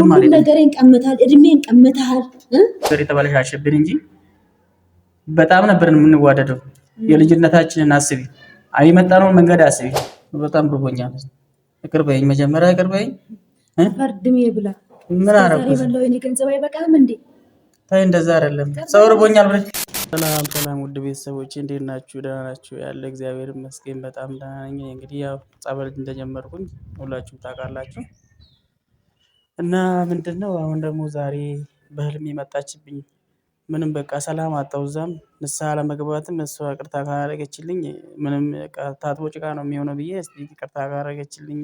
ሁሉም ነገሬን ቀምተሃል፣ እድሜን ቀምተሃል። አሸብን እንጂ በጣም ነበር የምንዋደደው። የልጅነታችንን አስቢ፣ የመጣነውን መንገድ አስቢ። በጣም ብርቦኛል። ይቅር በይኝ፣ መጀመሪያ ይቅር በይኝ። ፈርድሜ ብላ ምን ገንዘብ አይበቃም እንዴ? ታይ እንደዛ አይደለም። ሰው ብለሽ ሰላም ሰላም፣ ውድ ቤተሰቦች እንዴት ናችሁ? ደህና ናችሁ? ያለ እግዚአብሔር ይመስገን በጣም ደህና ነኝ። እንግዲህ ያው ጸበል እንደጀመርኩኝ ሁላችሁም ታውቃላችሁ። እና ምንድነው አሁን ደግሞ ዛሬ በህልም የመጣችብኝ ምንም በቃ ሰላም አጣው እዛም ንስሃ ለመግባትም እሷ ቅርታ ካረገችልኝ ምንም ታጥቦ ጭቃ ነው የሚሆነው ብዬ እስቲ ይቅርታ ካረገችልኝ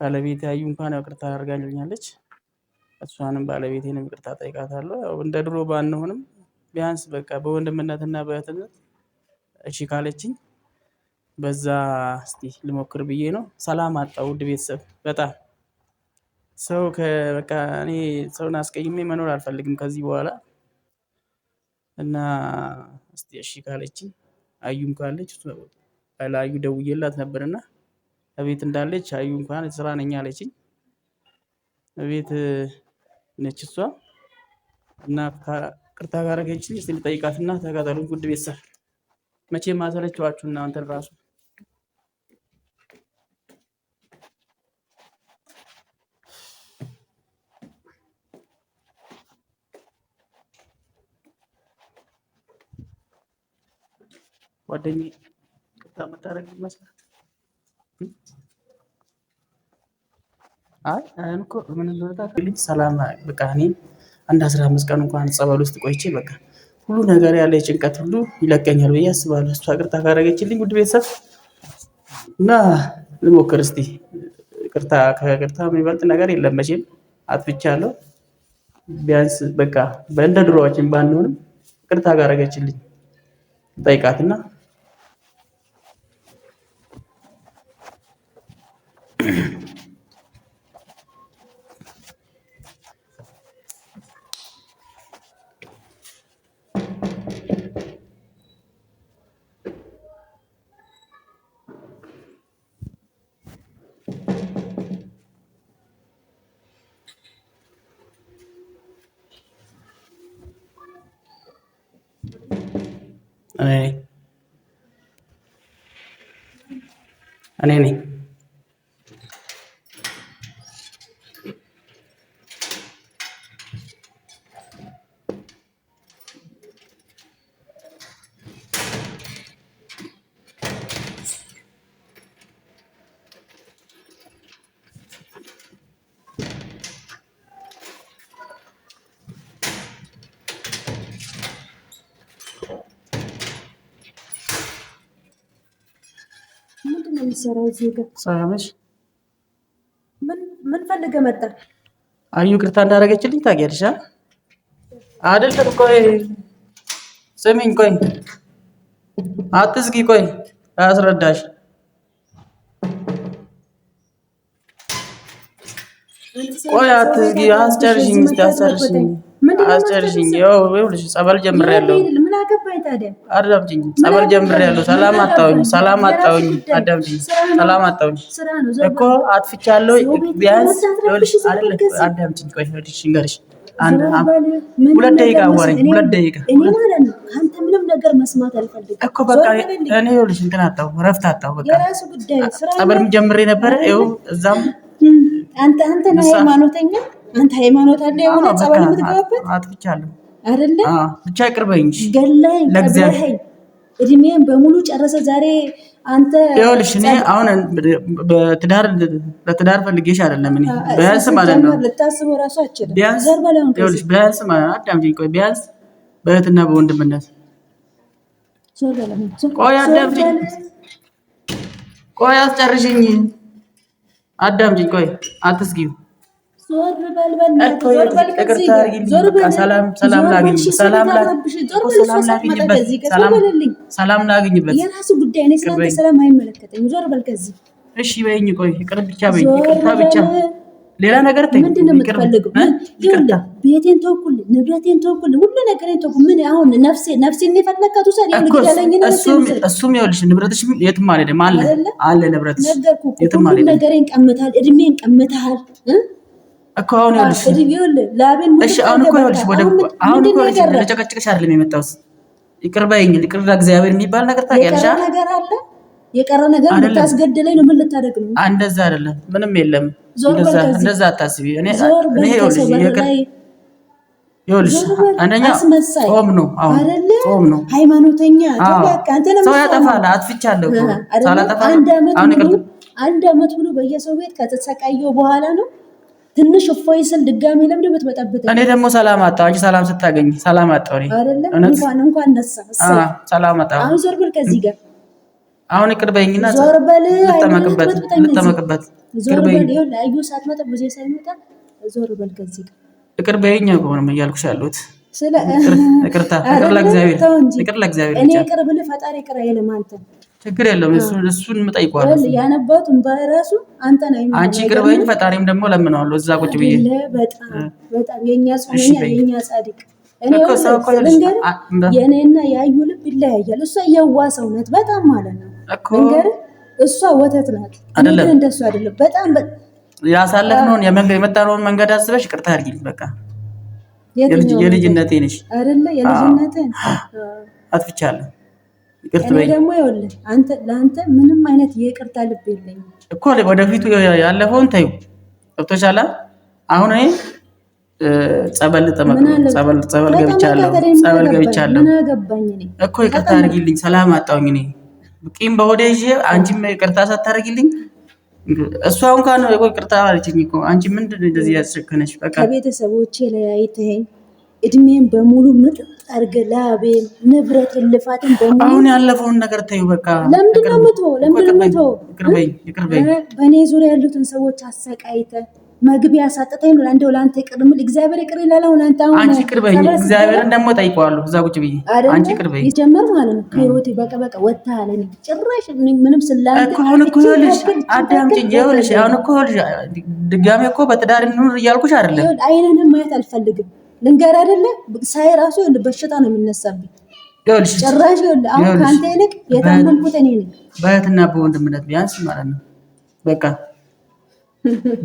ባለቤት ያዩ እንኳን ይቅርታ አድርጋልኛለች። እሷንም ባለቤቴንም ቅርታ እጠይቃታለሁ ያው እንደ ድሮ ባንሆንም ቢያንስ በቃ በወንድምነትና በእህትነት እሺ ካለችኝ በዛ እስኪ ልሞክር ብዬ ነው። ሰላም አጣው ውድ ቤተሰብ በጣም ሰው በቃ እኔ ሰውን አስቀይሜ መኖር አልፈልግም ከዚህ በኋላ እና እስቲ እሺ ካለችኝ አዩም ካለች ለአዩ ደውዬላት ነበርና እቤት እንዳለች አዩ እንኳን ስራ ነኝ አለችኝ። እቤት ነች እሷ እና ቅርታ ካረገችኝ እስቲ ልጠይቃትና ተከተሉኝ። ውድ ቤተሰብ መቼም አሰለችኋችሁ እናንተን ራሱ ጓደኛ ቅጣ መታረቅ ይመስላል። አይ እኮ ምን ልጅ ሰላም በቃ እኔ አንድ አስራ አምስት ቀን እንኳን ጸበል ውስጥ ቆይቼ በቃ ሁሉ ነገር ያለ ጭንቀት ሁሉ ይለቀኛል ብዬ አስባለሁ። እሷ ቅርታ ካደረገችልኝ ውድ ቤተሰብ እና ልሞክር እስቲ። ቅርታ ከቅርታ የሚበልጥ ነገር የለም መቼም አጥፍቻለሁ። ቢያንስ በቃ እንደ ድሮዋችን ባንሆንም ቅርታ ካደረገችልኝ ጠይቃትና anh em này ምን ፈልገህ መጣህ? አዩ ይቅርታ እንዳደረገችልኝ ታውቂያለሽ አይደለም? ቆይ ስሚኝ፣ ቆይ አትዝጊ፣ ቆይ አስረዳሽ። ቆይ አትዝጊ፣ አስጨርሽኝ፣ አስጨርሽኝ፣ አስጨርሽኝ። ይኸውልሽ ጸበል ጀምሬያለሁ አገባኝ ታዲያ። አዳምጪኝ፣ ጸበል ጀምሬያለሁ። ሰላም አጣሁኝ፣ ሰላም አጣሁኝ። አዳምጪኝ፣ ሰላም አጣሁኝ እኮ አጥፍቻለሁ። ቢያንስ አዳምጪኝ፣ ቆይ ሁለት ደቂቃ አዋሪኝ፣ ሁለት ደቂቃ ነገር መስማት አልፈልግም እኮ በቃ እኔ ይኸውልሽ እንትን አጣሁ፣ እረፍት አጣሁ። በቃ የራሱ ጉዳይ ጸበልም ጀምሬ ነበረ። ይኸው እዛም አንተ አንተ ነህ ሃይማኖተኛ፣ አንተ ሃይማኖት አለ የሆነ ጸበል የምትገባበት አጥፍቻለሁ አይደለ? ብቻ ቅርበኝ ገለኝ ለእግዚአብሔር እድሜን በሙሉ ጨረሰ። ዛሬ አንተ ይኸውልሽ፣ እኔ አሁን በትዳር ለትዳር ፈልጌሽ አይደለም። እኔ ቢያንስ ማለት ነው ልታስበው እራሱ አችልም። ቢያንስ አዳምጪኝ፣ ቆይ ቢያንስ በእህትና በወንድምነት ቆይ አዳምጪኝ፣ ቆይ አስጨርሽኝ፣ አዳምጪኝ፣ ቆይ አትስጊው ሰላም ላግኝበት። የራሱ ጉዳይ ነው። ስላንተ ሰላም አይመለከተኝም። ዞር በል ከዚህ እሺ በይኝ። ቆይ ይቅር ብቻ በይኝ። ይቅርታ ብቻ ሌላ ነገር ተይ። ምንድን ነው የምትፈልገው? ቤቴን ተወኩልህ፣ ንብረቴን ተወኩልህ፣ ሁሉ ነገሬን ተወኩ። ምን አሁን ነፍሴ ነፍሴን የፈለካት ውሰድ። እሱም ይኸውልሽ ንብረትሽ የትም አልሄድም አለ አለ ንብረትሽ ነገርኩህ። ሁሉ ነገሬን ቀምተሃል፣ እድሜን ቀምተሃል። እኮ አሁን ይኸውልሽ፣ እሺ አሁን እኮ ይኸውልሽ፣ ወደ አሁን እኮ ይኸውልሽ፣ አይደለም የመጣሁት። ይቅር በይኝ። ይቅር የሚባል ነገር ታውቂያለሽ። የቀረ ነገር ልታስገድለኝ ነው? ምን ልታደርግ ነው? እንደዛ አይደለም፣ ምንም የለም። እንደዛ አታስቢ። እኔ ይኸውልሽ፣ አንደኛ ጾም ነው፣ አሁን ጾም ነው። ሃይማኖተኛ ሰው ያጠፋል። አጥፍቻለሁ ሳላጠፋ አንድ አመት ብሎ በየሰው ቤት ከተሰቃየው በኋላ ነው ትንሽ እፎይ ስል ድጋሚ ለምድ ብትበጠብጥ እኔ ደግሞ ሰላም አጣሁ። አንቺ ሰላም ስታገኝ ሰላም አጣሁ እኔ አይደለም እንኳን እንኳን ነሳ ሰላም አጣሁ። አሁን ዞር በል ከዚህ ጋር አሁን ይቅር በይኝና ዞር በል ልጠመቅበት ልጠመቅበት ዞር በል ይኸውልህ ሳትመጣ ብዙ ሳይመጣ ዞር በል ከዚህ ጋር ይቅር በይኝ ነው እያልኩሽ ያለሁት። ስለ ይቅርታ ይቅር ለእግዚአብሔር ይቅር ለእግዚአብሔር እኔ ይቅር ብልህ ፈጣሪ ይቅር አይልም አንተ ችግር የለውም። እሱን የምጠይቀዋለሁ ያነባቱን በራሱ አንተን አንቺ ይቅር በይኝ፣ ፈጣሪም ደግሞ ለምነዋለሁ እዛ ቁጭ ብዬ የእኔና የአዩ ልብ ይለያያል። እሷ የዋሰው ናት በጣም ማለት ነው ንገር እሷ ወተት ናት አይደለም፣ እንደሱ አይደለም። በጣም ያሳለፍነውን የመጣነውን መንገድ አስበሽ ቅርታ አድርጊልኝ። በቃ የልጅነቴ ነሽ አይደለ? የልጅነቴ አጥፍቻለሁ ደግሞ ለአንተ ምንም አይነት የይቅርታ ልብ የለኝም እኮ ወደፊቱ ያለፈውን ተይው። ገብቶሻል። አሁን እኔ ጸበል ጸበል ገብቻለሁ፣ ጸበል ገብቻለሁ እኮ ይቅርታ አድርጊልኝ። ሰላም እኔ ቂም በሆዴ ይዤ አንቺም ይቅርታ ሳታደርጊልኝ እሷ እንኳን ይቅርታ አለችኝ እኮ አንቺ ምንድን እንደዚህ በቃ ከቤተሰቦቼ ለያይተኸኝ እድሜን በሙሉ ምጥ ጠርግ ላቤን ልፋትን በሙሉ አሁን ያለፈውን ነገር ተዩ። በቃ ለምንድን ነው ለምንድን ነው በእኔ ዙሪያ ያሉትን ሰዎች አሰቃይተ መግቢያ ያሳጠጠኝ ነው። ለአንተ ይቅር እግዚአብሔር ይቅር ይላል። አሁን አንቺ ይቅር ደግሞ ጠይቀዋለሁ። እዛ ቁጭ ብዬ አንቺ ይቅር ማለት ነው። ከህይወቴ በቃ በቃ ወጣለ ጭራሽ ምንም ስላንተ አሁን እኮ ይኸውልሽ፣ አዳምጪኝ። ይኸውልሽ አሁን እኮ ይኸውልሽ፣ ድጋሜ እኮ በትዳር እንኑር እያልኩሽ አይደለም። ማየት አልፈልግም ልንገር አይደለ ሳይ ራሱ በሽታ ነው የሚነሳብኝ። ጭራሽ አሁን ከአንተ ይልቅ የታመምኩት እኔ ነኝ። በእህትና በወንድምነት ቢያንስ ማለት ነው በቃ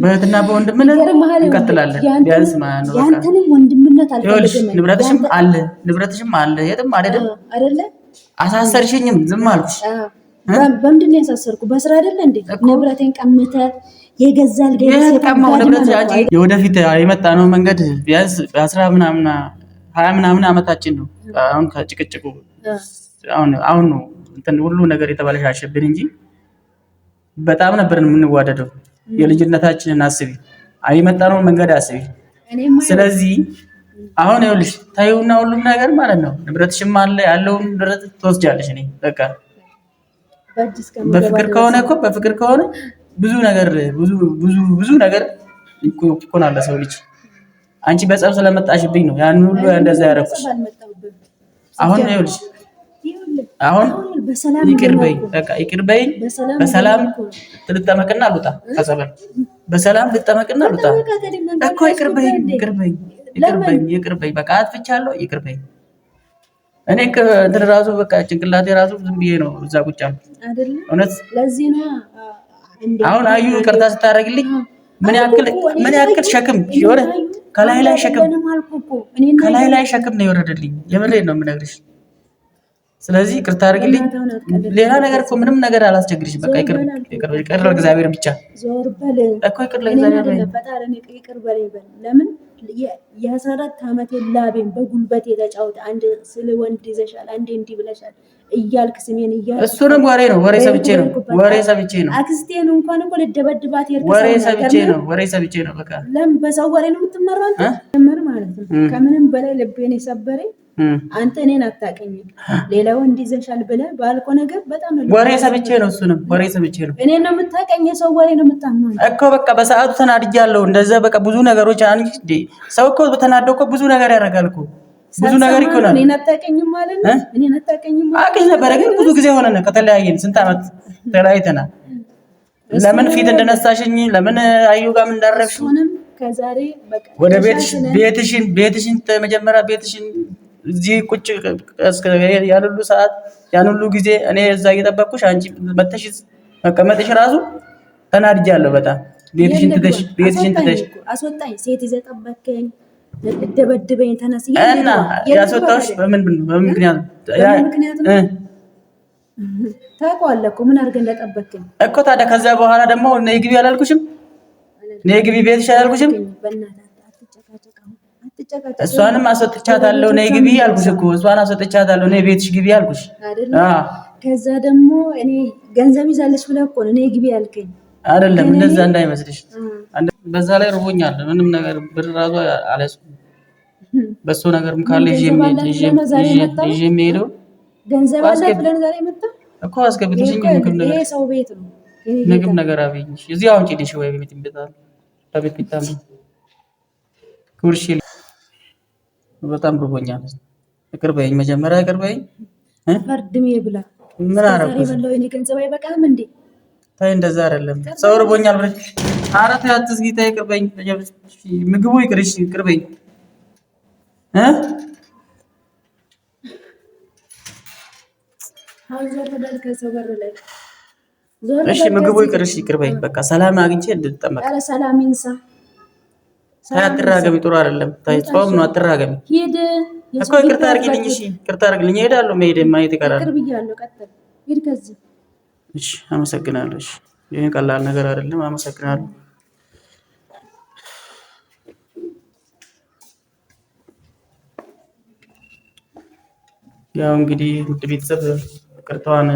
በእህትና በወንድምነት እንቀጥላለን። ቢያንስ ማለት ነው ያንተንም ወንድምነት አልፈልግም። ንብረትሽም አለ ንብረትሽም አለ የትም አደለ አይደለ አሳሰርሽኝም ዝም አልኩሽ። በምንድን ነው ያሳሰርኩ? በስራ አይደለ እንዴ? ንብረቴን ቀምተ የገዛል የወደፊት የመጣ ነው መንገድ ቢያንስ በአስራ ምናምን ሀያ ምናምን አመታችን ነው። አሁን ከጭቅጭቁ አሁን ነው እንትን ሁሉ ነገር የተበላሻሸብን እንጂ በጣም ነበርን የምንዋደደው። የልጅነታችንን አስቢ፣ የመጣነውን መንገድ አስቢ። ስለዚህ አሁን ይኸውልሽ ታዩና ሁሉም ነገር ማለት ነው ንብረትሽም አለ ያለውን ንብረት ትወስጃለሽ። እኔ በቃ በፍቅር ከሆነ እኮ በፍቅር ከሆነ ብዙ ነገር ብዙ ብዙ ብዙ ነገር ይኮናል ሰው ልጅ። አንቺ በጸብ ስለመጣሽብኝ ነው ያን ሁሉ እንደዛ ያደረኩሽ። አሁን ነው ልጅ አሁን ይቅር በይኝ፣ በቃ ይቅር በሰላም ልጠመቅና ሉጣ ከጸበል በሰላም ልጠመቅና ሉጣ እኮ ይቅር በይኝ፣ ይቅር በይኝ፣ ይቅር በይኝ፣ ይቅር በይኝ። በቃ አጥፍቻለሁ፣ ይቅር በይኝ እኔ እንትን ራሱ በቃ ጭንቅላቴ ራሱ ዝም ብዬ ነው እዛ ቁጭ አልኩት። እውነት አሁን አዩ ይቅርታ ስታደርግልኝ ምን ያክል ምን ያክል ሸክም የሆነ ከላይ ላይ ሸክም ከላይ ላይ ሸክም ነው የወረደልኝ። የምሬን ነው የምነግርሽ። ስለዚህ ይቅርታ አድርግልኝ። ሌላ ነገር እኮ ምንም ነገር አላስቸግርሽ። በቃ ይቅር ይቅር፣ እግዚአብሔር ብቻ እኮ ይቅር ለእግዚአብሔር ለምን የአስራአራት ዓመት ላቤን በጉልበት የተጫወት አንድ ስል ወንድ ይዘሻል፣ አንድ እንዲህ ብለሻል እያልክ ስሜን እያልክ እሱንም ወሬ ነው ወሬ ሰብቼ ነው ወሬ ሰብቼ ነው። አክስቴን እንኳን እኮ ልደበድባት ሄድክ። ወሬ ሰብቼ ነው ወሬ ሰብቼ ነው። በቃ ለምን በሰው ወሬ ነው የምትመራው? ማለት ነው ከምንም በላይ ልቤን የሰበረኝ አንተ እኔን አታውቅኝም ሌላ ወንድ ይዘሻል ብለህ ባልኮ ነገር በጣም ወሬ ሰምቼ ነው። እሱንም ወሬ ሰምቼ ነው። እኔን ነው የምታውቀኝ፣ የሰው ወሬ ነው የምታምነው እኮ በቃ በሰዓቱ ተናድጃለሁ። እንደዛ በቃ ብዙ ነገሮች አን ሰው እኮ ተናዶ እኮ ብዙ ነገር ያደርጋል እኮ ብዙ ነገር ይኮናል። እኔን አታውቀኝም ማለት ነው። እኔን አታውቀኝም አውቅሽ ነበረ፣ ግን ብዙ ጊዜ ሆነ ከተለያየን፣ ስንት ዓመት ተለያይተናል። ለምን ፊት እንደነሳሽኝ ለምን አዩ ጋር ምን እንዳረፍሽ ወደ ቤትሽን ቤትሽን መጀመሪያ ቤትሽን እዚህ ቁጭ ያን ሁሉ ሰዓት ያን ሁሉ ጊዜ እኔ እዛ እየጠበኩሽ አንቺ መተሽ መቀመጥሽ ራሱ ተናድጃለሁ በጣም ቤትሽን ትተሽ ቤትሽን ትተሽ አስወጣኝ። ሴት ይዘህ ጠበከኝ፣ ደበድበኝ፣ ተነስ እና ያስወጣሁሽ በምን ምክንያት ታውቀዋለህ እኮ ምን አድርገህ እንደጠበከኝ እኮ ታዲያ። ከዚያ በኋላ ደግሞ ነይ ግቢ አላልኩሽም? ነይ ግቢ ቤትሽ አላልኩሽም? እሷንም አስወጥቻታለሁ። ነይ ግቢ አልኩሽ እኮ እሷን አስወጥቻታለሁ። ነይ ቤትሽ ግቢ አልኩሽ። ከዛ ደግሞ እኔ ገንዘብ ይዛለች ብለህ እኮ ነው ነይ ግቢ ያልከኝ አይደለም። እንደዛ እንዳይመስልሽ። በዛ ላይ ርቦኛል። ምንም ነገር ብር እራሱ አልያዝኩም። በሱ ነገርም ካለ የሚሄደው ገንዘብ አለ ዛሬ መጣ እኮ አስገብተሽ ምግብ ነገር ሰው ቤት ነው ምግብ ነገር አብይኝ እዚህ አሁን ጭልሽ ወይ ቤት ቤት ቤት ቤት ክብርሽ በጣም ርቦኛል። ይቅር በይኝ፣ መጀመሪያ ይቅር በይኝ። ፈርድሜ ብላ ምን አደረኩት? ገንዘብ አይበቃም እንዴ? ታይ እንደዛ አይደለም። ሰው ርቦኛል ብለሽ ኧረ ተይ አትዝጊ፣ ተይ ይቅር በይኝ። ምግቡ ይቅር፣ እሺ ይቅር በይኝ እ ምግቡ ይቅር፣ እሺ ይቅር በይኝ። በቃ ሰላም አግኝቼ እንድትጠመቅ ሰላም ይንሳ። አትራገቢ፣ ጥሩ አይደለም። ታይ ጾም ነው፣ አትራገቢ እኮ ይቅርታ አድርጊልኝ። እሺ ይቅርታ አድርጊልኝ። እሄዳለሁ፣ መሄድ ማየት ይቀራል። ቅርብ ቀጥል፣ ከዚህ። እሺ አመሰግናለሁ። እሺ ይሄ ቀላል ነገር አይደለም። አመሰግናለሁ። ያው እንግዲህ ውድ ቤተሰብ ይቅርታዋን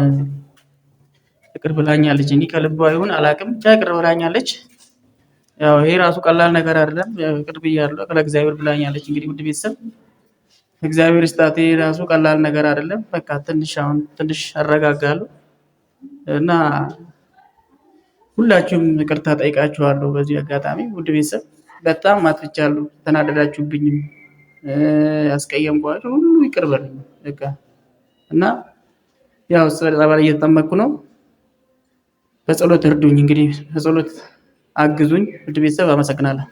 ይቅር ብላኛለች። እኔ ከልቧ ይሁን አላውቅም፣ ብቻ ይቅር ብላኛለች። ያው ይሄ ራሱ ቀላል ነገር አይደለም። ቅርብ እያለሁ ለእግዚአብሔር ብላኛለች። እንግዲህ ውድ ቤተሰብ እግዚአብሔር እስታቴ ራሱ ቀላል ነገር አይደለም። በቃ ትንሽ አሁን ትንሽ አረጋጋለሁ እና ሁላችሁም ይቅርታ ጠይቃችኋለሁ። በዚህ አጋጣሚ ውድ ቤተሰብ በጣም አጥፍቻለሁ። ተናደዳችሁብኝም ያስቀየምኳችሁ ሁሉ ይቅር በሉኝ በቃ እና ያው ጸበል እየተጠመኩ ነው። በጸሎት እርዱኝ እንግዲህ በጸሎት አግዙኝ ውድ ቤተሰብ አመሰግናለሁ።